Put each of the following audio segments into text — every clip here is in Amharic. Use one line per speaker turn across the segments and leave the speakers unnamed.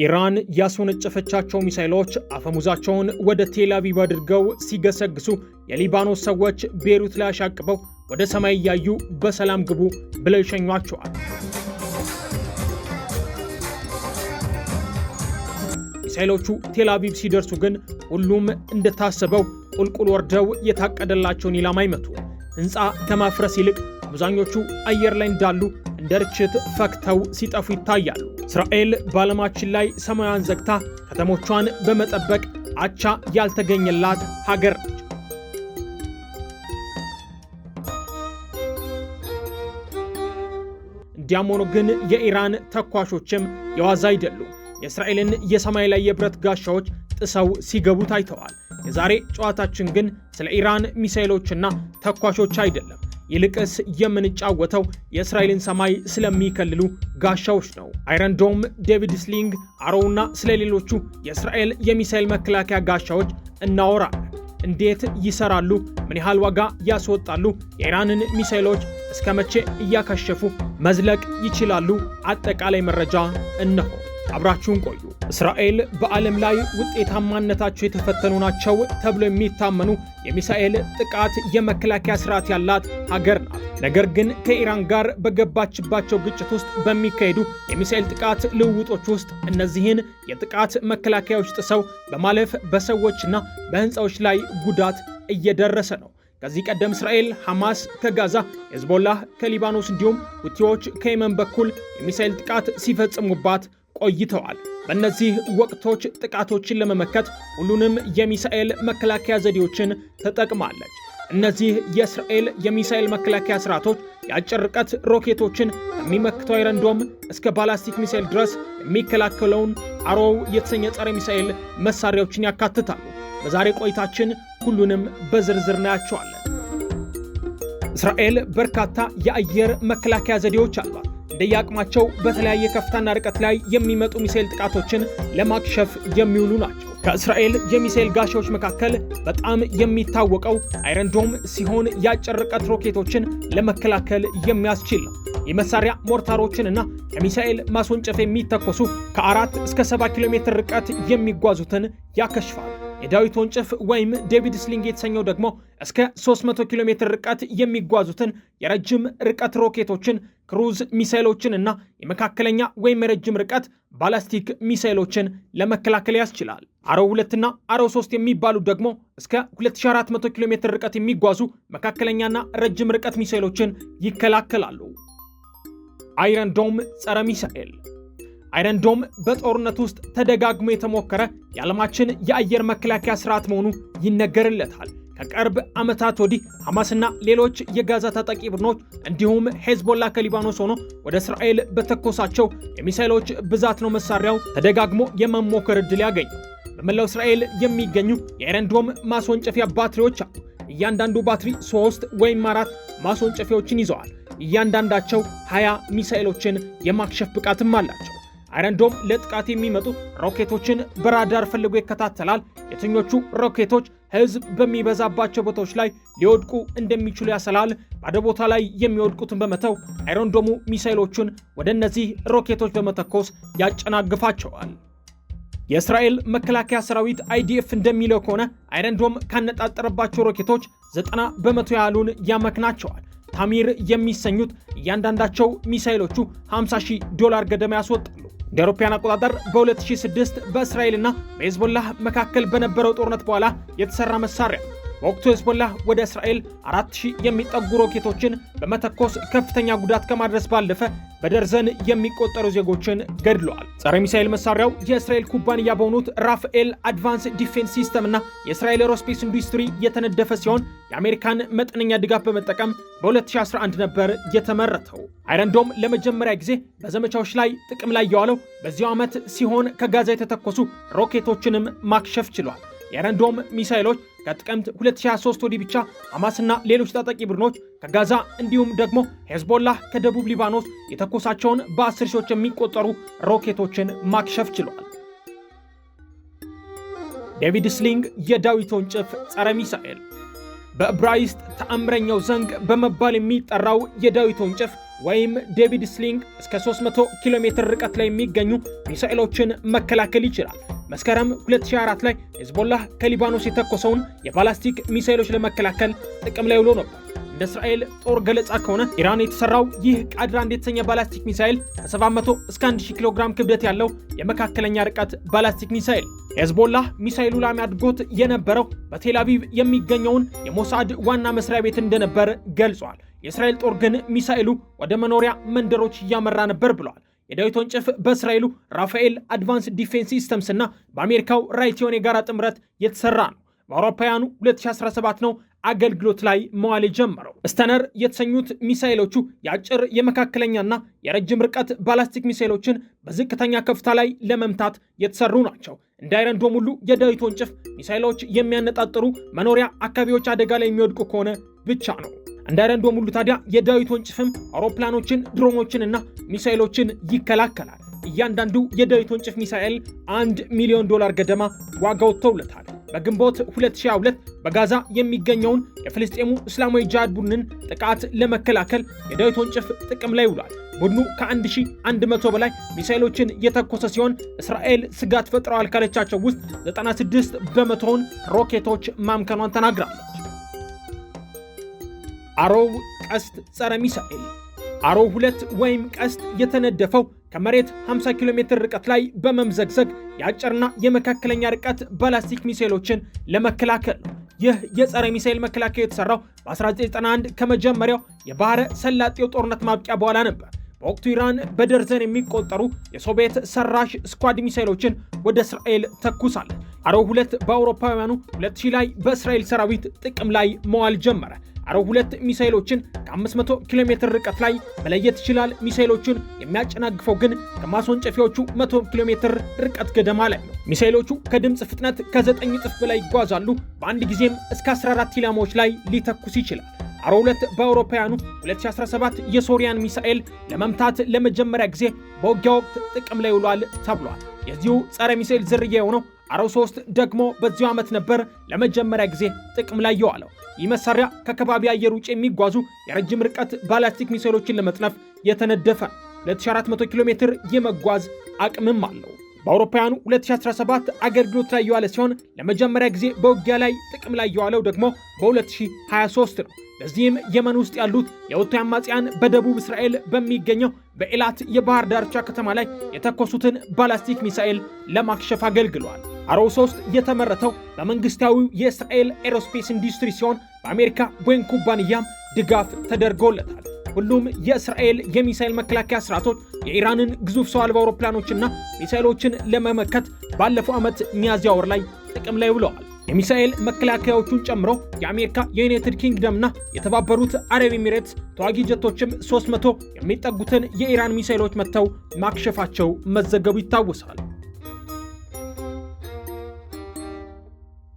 ኢራን ያስወነጨፈቻቸው ሚሳይሎች አፈሙዛቸውን ወደ ቴልአቪቭ አድርገው ሲገሰግሱ የሊባኖስ ሰዎች ቤሩት ላይ አሻቅበው ወደ ሰማይ እያዩ በሰላም ግቡ ብለው ይሸኟቸዋል። ሚሳይሎቹ ቴልአቪቭ ሲደርሱ ግን ሁሉም እንደታሰበው ቁልቁል ወርደው የታቀደላቸውን ኢላማ አይመቱ። ሕንፃ ከማፍረስ ይልቅ አብዛኞቹ አየር ላይ እንዳሉ ድርችት ፈክተው ሲጠፉ ይታያሉ። እስራኤል በዓለማችን ላይ ሰማያን ዘግታ ከተሞቿን በመጠበቅ አቻ ያልተገኘላት ሀገር ነች። እንዲያም ሆኖ ግን የኢራን ተኳሾችም የዋዛ አይደሉም። የእስራኤልን የሰማይ ላይ የብረት ጋሻዎች ጥሰው ሲገቡ ታይተዋል። የዛሬ ጨዋታችን ግን ስለ ኢራን ሚሳይሎችና ተኳሾች አይደለም። ይልቅስ የምንጫወተው የእስራኤልን ሰማይ ስለሚከልሉ ጋሻዎች ነው። ዶም፣ ዴቪድ ስሊንግ፣ አሮውና ስለሌሎቹ የእስራኤል የሚሳኤል መከላከያ ጋሻዎች እናወራለን። እንዴት ይሰራሉ? ምን ያህል ዋጋ ያስወጣሉ? የኢራንን ሚሳኤሎች እስከ መቼ እያከሸፉ መዝለቅ ይችላሉ? አጠቃላይ መረጃ እነሆ። አብራችሁን ቆዩ። እስራኤል በዓለም ላይ ውጤታማነታቸው የተፈተኑ ናቸው ተብሎ የሚታመኑ የሚሳኤል ጥቃት የመከላከያ ስርዓት ያላት ሀገር ናት። ነገር ግን ከኢራን ጋር በገባችባቸው ግጭት ውስጥ በሚካሄዱ የሚሳኤል ጥቃት ልውውጦች ውስጥ እነዚህን የጥቃት መከላከያዎች ጥሰው በማለፍ በሰዎችና በህንፃዎች ላይ ጉዳት እየደረሰ ነው። ከዚህ ቀደም እስራኤል ሐማስ ከጋዛ ሄዝቦላህ ከሊባኖስ እንዲሁም ሁቲዎች ከየመን በኩል የሚሳኤል ጥቃት ሲፈጽሙባት ቆይተዋል። በእነዚህ ወቅቶች ጥቃቶችን ለመመከት ሁሉንም የሚሳኤል መከላከያ ዘዴዎችን ተጠቅማለች። እነዚህ የእስራኤል የሚሳኤል መከላከያ ስርዓቶች የአጭር ርቀት ሮኬቶችን የሚመክተው አይረንዶም እስከ ባላስቲክ ሚሳኤል ድረስ የሚከላከለውን አሮው የተሰኘ ጸረ ሚሳኤል መሳሪያዎችን ያካትታሉ። በዛሬ ቆይታችን ሁሉንም በዝርዝር እናያቸዋለን። እስራኤል በርካታ የአየር መከላከያ ዘዴዎች አሏት። እንደየአቅማቸው በተለያየ ከፍታና ርቀት ላይ የሚመጡ ሚሳኤል ጥቃቶችን ለማክሸፍ የሚውሉ ናቸው። ከእስራኤል የሚሳኤል ጋሻዎች መካከል በጣም የሚታወቀው አይረንዶም ሲሆን የአጭር ርቀት ሮኬቶችን ለመከላከል የሚያስችል ነው። የመሳሪያ ሞርታሮችን እና ከሚሳኤል ማስወንጨፍ የሚተኮሱ ከአራት እስከ ሰባ ኪሎ ሜትር ርቀት የሚጓዙትን ያከሽፋል። የዳዊት ወንጭፍ ወይም ዴቪድ ስሊንግ የተሰኘው ደግሞ እስከ 300 ኪሎ ሜትር ርቀት የሚጓዙትን የረጅም ርቀት ሮኬቶችን ክሩዝ ሚሳይሎችን እና የመካከለኛ ወይም የረጅም ርቀት ባላስቲክ ሚሳይሎችን ለመከላከል ያስችላል። አረው ሁለትና አረው ሶስት የሚባሉ ደግሞ እስከ 2400 ኪሎ ሜትር ርቀት የሚጓዙ መካከለኛና ረጅም ርቀት ሚሳይሎችን ይከላከላሉ። አይረን ዶም ጸረ ሚሳኤል አይረን ዶም በጦርነት ውስጥ ተደጋግሞ የተሞከረ የዓለማችን የአየር መከላከያ ስርዓት መሆኑ ይነገርለታል። ከቅርብ ዓመታት ወዲህ ሐማስና ሌሎች የጋዛ ታጣቂ ቡድኖች እንዲሁም ሄዝቦላ ከሊባኖስ ሆኖ ወደ እስራኤል በተኮሳቸው የሚሳይሎች ብዛት ነው መሳሪያው ተደጋግሞ የመሞከር ዕድል ያገኝ። በመላው እስራኤል የሚገኙ የአይረንድሮም ማስወንጨፊያ ባትሪዎች አሉ። እያንዳንዱ ባትሪ ሶስት ወይም አራት ማስወንጨፊያዎችን ይዘዋል። እያንዳንዳቸው 20 ሚሳኤሎችን የማክሸፍ ብቃትም አላቸው። አይረንዶም ለጥቃት የሚመጡ ሮኬቶችን በራዳር ፈልጎ ይከታተላል። የትኞቹ ሮኬቶች ህዝብ በሚበዛባቸው ቦታዎች ላይ ሊወድቁ እንደሚችሉ ያሰላል። ባዶ ቦታ ላይ የሚወድቁትን በመተው አይሮንዶሙ ሚሳይሎቹን ወደ እነዚህ ሮኬቶች በመተኮስ ያጨናግፋቸዋል። የእስራኤል መከላከያ ሰራዊት አይዲኤፍ እንደሚለው ከሆነ አይረንዶም ካነጣጠረባቸው ሮኬቶች ዘጠና በመቶ ያህሉን ያመክናቸዋል። ታሚር የሚሰኙት እያንዳንዳቸው ሚሳይሎቹ 50 ሺህ ዶላር ገደማ ያስወጣሉ። እንደ አውሮፓውያን አቆጣጠር በ2006 በእስራኤልና በሄዝቦላህ መካከል በነበረው ጦርነት በኋላ የተሰራ መሳሪያ በወቅቱ ሄዝቦላ ወደ እስራኤል 4000 የሚጠጉ ሮኬቶችን በመተኮስ ከፍተኛ ጉዳት ከማድረስ ባለፈ በደርዘን የሚቆጠሩ ዜጎችን ገድለዋል። ጸረ ሚሳኤል መሳሪያው የእስራኤል ኩባንያ በሆኑት ራፋኤል አድቫንስ ዲፌንስ ሲስተም እና የእስራኤል ኤሮስፔስ ኢንዱስትሪ የተነደፈ ሲሆን የአሜሪካን መጠነኛ ድጋፍ በመጠቀም በ2011 ነበር የተመረተው። አይረንዶም ለመጀመሪያ ጊዜ በዘመቻዎች ላይ ጥቅም ላይ የዋለው በዚሁ ዓመት ሲሆን ከጋዛ የተተኮሱ ሮኬቶችንም ማክሸፍ ችሏል። የአይረንዶም ሚሳይሎች ከጥቅምት 2023 ወዲህ ብቻ ሐማስና ሌሎች ታጣቂ ቡድኖች ከጋዛ እንዲሁም ደግሞ ሄዝቦላ ከደቡብ ሊባኖስ የተኮሳቸውን በአስር ሺዎች የሚቆጠሩ ሮኬቶችን ማክሸፍ ችሏል። ዴቪድ ስሊንግ የዳዊት ጭፍ ጸረ ሚሳኤል በዕብራይስጥ ተአምረኛው ዘንግ በመባል የሚጠራው የዳዊት ጭፍ ወይም ዴቪድ ስሊንግ እስከ 300 ኪሎ ሜትር ርቀት ላይ የሚገኙ ሚሳኤሎችን መከላከል ይችላል። መስከረም 2004 ላይ ሄዝቦላህ ከሊባኖስ የተኮሰውን የባላስቲክ ሚሳኤሎች ለመከላከል ጥቅም ላይ ውሎ ነበር። እንደ እስራኤል ጦር ገለጻ ከሆነ ኢራን የተሰራው ይህ ቃድራንድ የተሰኘ ባላስቲክ ሚሳኤል ከ700 እስከ 1000 ኪሎ ግራም ክብደት ያለው የመካከለኛ ርቀት ባላስቲክ ሚሳኤል ሄዝቦላህ ሚሳኤሉ ላሚ አድርጎት የነበረው በቴል አቪቭ የሚገኘውን የሞሳድ ዋና መስሪያ ቤት እንደነበር ገልጿል። የእስራኤል ጦር ግን ሚሳኤሉ ወደ መኖሪያ መንደሮች እያመራ ነበር ብለዋል። የዳዊት ወንጭፍ በእስራኤሉ ራፋኤል አድቫንስ ዲፌንስ ሲስተምስ እና በአሜሪካው ራይቲዮን የጋራ ጥምረት የተሰራ ነው። በአውሮፓውያኑ 2017 ነው አገልግሎት ላይ መዋል የጀመረው። ስተነር የተሰኙት ሚሳኤሎቹ የአጭር የመካከለኛና የረጅም ርቀት ባላስቲክ ሚሳኤሎችን በዝቅተኛ ከፍታ ላይ ለመምታት የተሰሩ ናቸው። እንደ አይረንዶም ሁሉ የዳዊት ወንጭፍ ሚሳኤሎች የሚያነጣጥሩ መኖሪያ አካባቢዎች አደጋ ላይ የሚወድቁ ከሆነ ብቻ ነው። እንደ ረንዶም ሁሉ ታዲያ የዳዊት ወንጭፍም አውሮፕላኖችን፣ ድሮኖችንና ሚሳኤሎችን ይከላከላል። እያንዳንዱ የዳዊት ወንጭፍ ሚሳኤል አንድ ሚሊዮን ዶላር ገደማ ዋጋ ወጥተውለታል። በግንቦት 2022 በጋዛ የሚገኘውን የፍልስጤሙ እስላማዊ ጅሃድ ቡድንን ጥቃት ለመከላከል የዳዊት ወንጭፍ ጥቅም ላይ ውሏል። ቡድኑ ከ1100 በላይ ሚሳኤሎችን የተኮሰ ሲሆን እስራኤል ስጋት ፈጥረዋል ካለቻቸው ውስጥ 96 በመቶውን ሮኬቶች ማምከኗን ተናግራለች። አሮው ቀስት ጸረ ሚሳኤል አሮው ሁለት ወይም ቀስት የተነደፈው ከመሬት 50 ኪሎ ሜትር ርቀት ላይ በመምዘግዘግ የአጭርና የመካከለኛ ርቀት ባላስቲክ ሚሳኤሎችን ለመከላከል ነው። ይህ የጸረ ሚሳኤል መከላከያ የተሰራው በ1991 ከመጀመሪያው የባህረ ሰላጤው ጦርነት ማብቂያ በኋላ ነበር። በወቅቱ ኢራን በደርዘን የሚቆጠሩ የሶቪየት ሰራሽ ስኳድ ሚሳይሎችን ወደ እስራኤል ተኩሳለች። አሮ ሁለት በአውሮፓውያኑ 2000 ላይ በእስራኤል ሰራዊት ጥቅም ላይ መዋል ጀመረ። አረው ሁለት ሚሳይሎችን ከ500 ኪሎ ሜትር ርቀት ላይ መለየት ይችላል። ሚሳይሎቹን የሚያጨናግፈው ግን ከማስወንጨፊያዎቹ 100 ኪሎ ሜትር ርቀት ገደማ ላይ ነው። ሚሳይሎቹ ከድምፅ ፍጥነት ከ9 እጥፍ በላይ ይጓዛሉ። በአንድ ጊዜም እስከ 14 ኢላማዎች ላይ ሊተኩስ ይችላል። አሮ ሁለት በአውሮፓውያኑ 2017 የሶሪያን ሚሳኤል ለመምታት ለመጀመሪያ ጊዜ በውጊያ ወቅት ጥቅም ላይ ውሏል ተብሏል። የዚሁ ጸረ ሚሳኤል ዝርያ የሆነው አረው 3 ደግሞ በዚሁ ዓመት ነበር ለመጀመሪያ ጊዜ ጥቅም ላይ የዋለው። ይህ መሳሪያ ከከባቢ አየር ውጭ የሚጓዙ የረጅም ርቀት ባላስቲክ ሚሳይሎችን ለመጥለፍ የተነደፈ 2400 ኪሎ ሜትር የመጓዝ አቅምም አለው። በአውሮፓውያኑ 2017 አገልግሎት ላይ የዋለ ሲሆን ለመጀመሪያ ጊዜ በውጊያ ላይ ጥቅም ላይ የዋለው ደግሞ በ2023 ነው። በዚህም የመን ውስጥ ያሉት የሁቲ አማጽያን በደቡብ እስራኤል በሚገኘው በኤላት የባህር ዳርቻ ከተማ ላይ የተኮሱትን ባላስቲክ ሚሳኤል ለማክሸፍ አገልግሏል። አሮ 3 የተመረተው በመንግስታዊው የእስራኤል ኤሮስፔስ ኢንዱስትሪ ሲሆን በአሜሪካ ቦይንግ ኩባንያም ድጋፍ ተደርጎለታል። ሁሉም የእስራኤል የሚሳኤል መከላከያ ስርዓቶች የኢራንን ግዙፍ ሰው አልባ አውሮፕላኖችና ሚሳኤሎችን ለመመከት ባለፈው ዓመት ሚያዝያ ወር ላይ ጥቅም ላይ ውለዋል። የሚሳኤል መከላከያዎቹን ጨምሮ የአሜሪካ የዩናይትድ ኪንግደም እና የተባበሩት አረብ ኤሚሬትስ ተዋጊ ጀቶችም 300 የሚጠጉትን የኢራን ሚሳኤሎች መጥተው ማክሸፋቸው መዘገቡ ይታወሳል።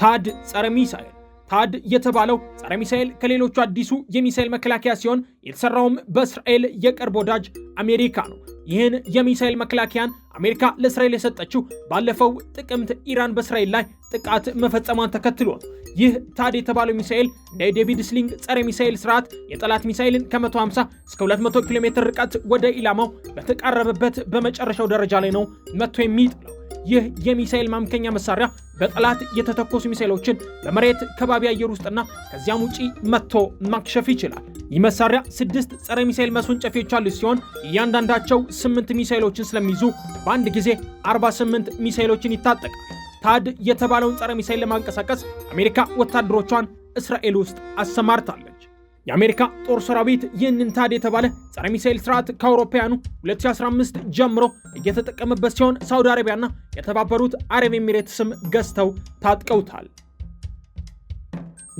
ታድ ጸረ ሚሳኤል ታድ የተባለው ጸረ ሚሳኤል ከሌሎቹ አዲሱ የሚሳኤል መከላከያ ሲሆን የተሰራውም በእስራኤል የቅርብ ወዳጅ አሜሪካ ነው። ይህን የሚሳኤል መከላከያን አሜሪካ ለእስራኤል የሰጠችው ባለፈው ጥቅምት ኢራን በእስራኤል ላይ ጥቃት መፈጸሟን ተከትሎ ነው። ይህ ታድ የተባለው ሚሳኤል እንደ ዴቪድ ስሊንግ ጸረ ሚሳኤል ስርዓት የጠላት ሚሳኤልን ከ150 እስከ 200 ኪሎ ሜትር ርቀት ወደ ኢላማው በተቃረበበት በመጨረሻው ደረጃ ላይ ነው መጥቶ የሚጥለው። ይህ የሚሳኤል ማምከኛ መሳሪያ በጠላት የተተኮሱ ሚሳኤሎችን በመሬት ከባቢ አየር ውስጥና ከዚያም ውጪ መጥቶ ማክሸፍ ይችላል። ይህ መሳሪያ ስድስት ጸረ ሚሳኤል ማስወንጨፊያዎች አሉት ሲሆን እያንዳንዳቸው ስምንት ሚሳኤሎችን ስለሚይዙ በአንድ ጊዜ 48 ሚሳኤሎችን ይታጠቃል። ታድ የተባለውን ጸረ ሚሳይል ለማንቀሳቀስ አሜሪካ ወታደሮቿን እስራኤል ውስጥ አሰማርታለች። የአሜሪካ ጦር ሰራዊት ይህንን ታድ የተባለ ጸረ ሚሳኤል ስርዓት ከአውሮፓውያኑ 2015 ጀምሮ እየተጠቀመበት ሲሆን ሳውዲ አረቢያና የተባበሩት አረብ ኤሚሬትስም ገዝተው ታጥቀውታል።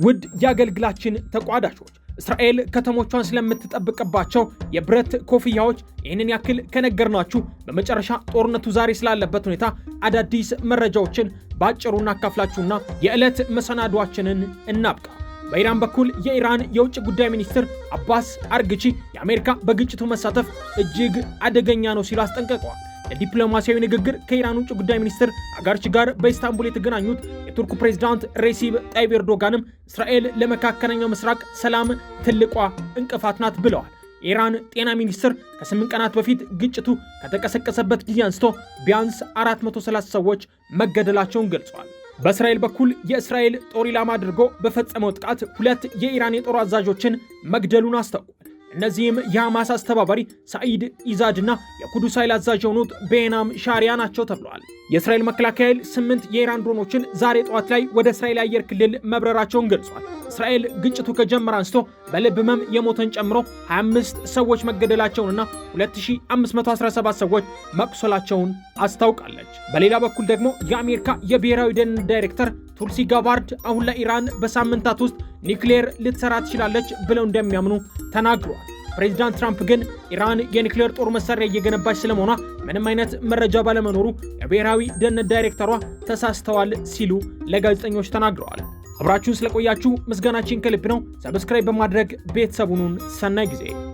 ውድ የአገልግላችን ተቋዳሾች እስራኤል ከተሞቿን ስለምትጠብቅባቸው የብረት ኮፍያዎች ይህንን ያክል ከነገርናችሁ በመጨረሻ ጦርነቱ ዛሬ ስላለበት ሁኔታ አዳዲስ መረጃዎችን በአጭሩ እናካፍላችሁና የዕለት መሰናዷችንን እናብቃ። በኢራን በኩል የኢራን የውጭ ጉዳይ ሚኒስትር አባስ አርግቺ የአሜሪካ በግጭቱ መሳተፍ እጅግ አደገኛ ነው ሲሉ አስጠንቅቀዋል። ለዲፕሎማሲያዊ ንግግር ከኢራን ውጭ ጉዳይ ሚኒስትር አጋርች ጋር በኢስታንቡል የተገናኙት የቱርኩ ፕሬዚዳንት ሬሲብ ጣይብ ኤርዶጋንም እስራኤል ለመካከለኛው ምስራቅ ሰላም ትልቋ እንቅፋት ናት ብለዋል። የኢራን ጤና ሚኒስትር ከስምንት ቀናት በፊት ግጭቱ ከተቀሰቀሰበት ጊዜ አንስቶ ቢያንስ 430 ሰዎች መገደላቸውን ገልጿል። በእስራኤል በኩል የእስራኤል ጦር ኢላማ አድርጎ በፈጸመው ጥቃት ሁለት የኢራን የጦር አዛዦችን መግደሉን አስታውቋል። እነዚህም የሐማስ አስተባባሪ ሳኢድ ኢዛድና የኩዱስ ኃይል አዛዥ የሆኑት ቤናም ሻሪያ ናቸው ተብለዋል። የእስራኤል መከላከያ ኃይል ስምንት የኢራን ድሮኖችን ዛሬ ጠዋት ላይ ወደ እስራኤል አየር ክልል መብረራቸውን ገልጿል። እስራኤል ግጭቱ ከጀመረ አንስቶ በልብ ህመም የሞተን ጨምሮ 25 ሰዎች መገደላቸውንና 2517 ሰዎች መቁሰላቸውን አስታውቃለች። በሌላ በኩል ደግሞ የአሜሪካ የብሔራዊ ደህንነት ዳይሬክተር ቱልሲ ጋባርድ አሁን ለኢራን በሳምንታት ውስጥ ኒክሌር ልትሰራ ትችላለች ብለው እንደሚያምኑ ተናግረዋል። ፕሬዚዳንት ትራምፕ ግን ኢራን የኒክሌር ጦር መሳሪያ እየገነባች ስለመሆኗ ምንም አይነት መረጃ ባለመኖሩ የብሔራዊ ደህንነት ዳይሬክተሯ ተሳስተዋል ሲሉ ለጋዜጠኞች ተናግረዋል። አብራችሁን ስለቆያችሁ ምስጋናችን ከልብ ነው። ሰብስክራይብ በማድረግ ቤተሰቡኑን ሰናይ ጊዜ